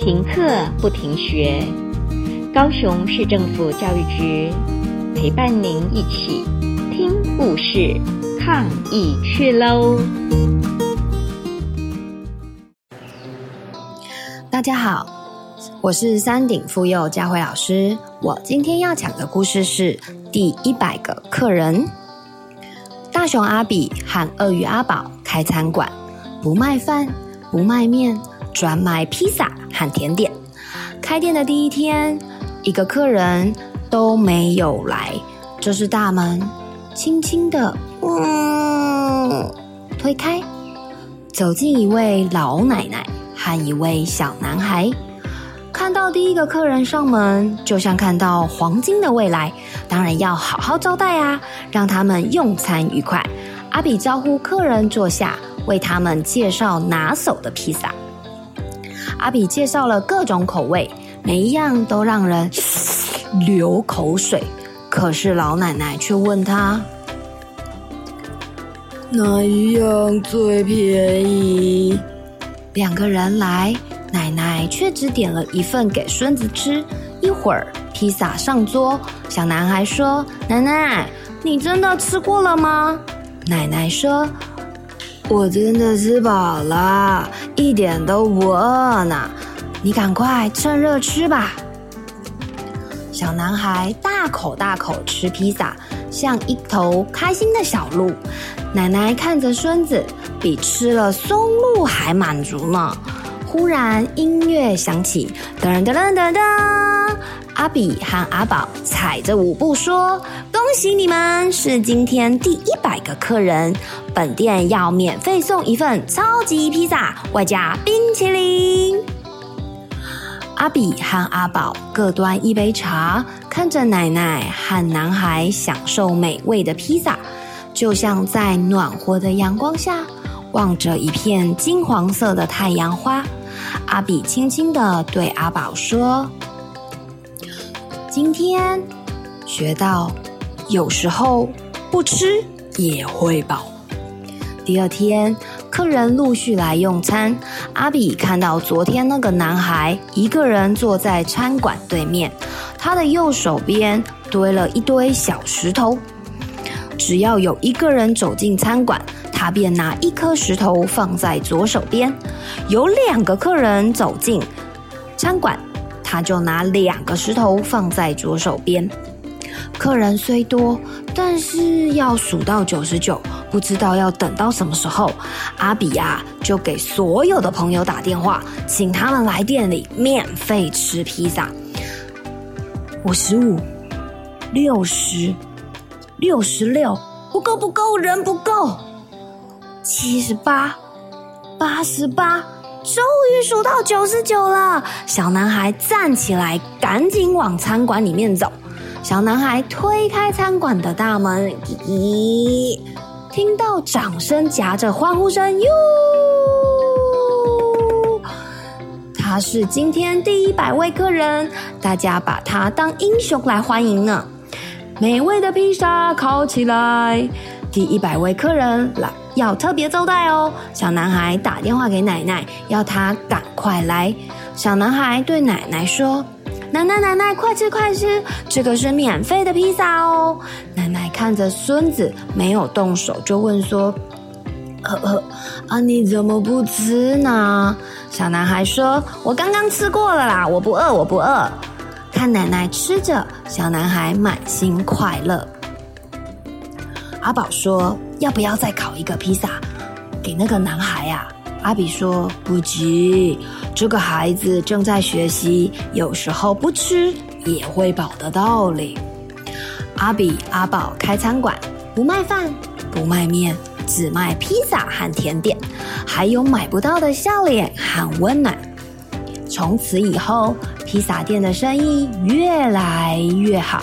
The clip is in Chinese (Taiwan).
停課不停學，高雄市政府教育局陪伴您一起聽故事，抗疫趣嘍！大家好，我是山頂附幼佳慧老師。我今天要講的故事是第一百個客人——大熊阿比和鱷魚阿寶開餐館，不賣飯，不賣麵，專賣披薩。和甜點。開店的第一天，一個客人都沒有來。這是大門，輕輕的，嗯，推開，走進一位老奶奶和一位小男孩。看到第一個客人上門，就像看到黃金的未來，當然要好好招待啊，讓他們用餐愉快。阿比招呼客人坐下，為他們介紹拿手的披薩。阿比介紹了各種口味，每一樣都讓人嘶嘶流口水。可是老奶奶卻問他：“哪一樣最便宜？”兩個人來，奶奶卻只點了一份給孫子吃。一會兒，披薩上桌，小男孩說：“奶奶，你真的吃過了嗎？”奶奶說。我真的吃飽了，一點都不餓呢。你趕快趁熱吃吧。小男孩大口大口吃披薩，像一頭開心的小鹿。奶奶看着孫子，比吃了松露還滿足呢。忽然音樂響起，噔噔噔噔噔。阿比和阿寶踩着舞步說：“恭喜你們，是今天第一百個客人，本店要免費送一份超級披薩，外加冰淇淋。”阿比和阿寶各端一杯茶，看着奶奶和男孩享受美味的披薩，就像在暖和的陽光下望着一片金黃色的太陽花。阿比輕輕的對阿寶說。今天學到，有時候不吃也會飽。第二天，客人陸續來用餐。阿比看到昨天那個男孩一個人坐在餐館對面，他的右手邊堆了一堆小石頭。只要有一個人走進餐館，他便拿一顆石頭放在左手邊。有兩個客人走進餐館。他就拿兩個石頭放在左手邊。客人雖多，但是要數到九十九，不知道要等到什麼時候。阿比呀、啊、就給所有的朋友打電話，請他們來店裡免費吃披薩。五十五，六十、六十六，不夠不夠，人不夠。七十八，八十八。終於數到九十九了，小男孩站起來，趕緊往餐館裡面走。小男孩推開餐館的大門，咦，聽到掌聲夾着歡呼聲，喲，他是今天第一百位客人，大家把他當英雄來歡迎呢、啊。美味的披薩烤起來，第一百位客人來。要特別招待哦！小男孩打電話給奶奶，要她趕快來。小男孩對奶奶說：“奶奶，奶奶，快吃快吃，這個是免費的披薩哦！”奶奶看着孫子沒有動手，就問說：“呵呵，啊，你怎麼不吃呢？”小男孩說：“我剛剛吃過了啦，我不餓，我不餓。”看奶奶吃着，小男孩滿心快樂。阿寶說：“要不要再烤一個披薩給那個男孩呀？”阿比說：“不急，這個孩子正在學習有時候不吃也會飽的道理。”阿比、阿寶開餐館，不賣飯，不賣麵，只賣披薩和甜點，還有買不到的笑臉和溫暖。從此以後，披薩店的生意越來越好。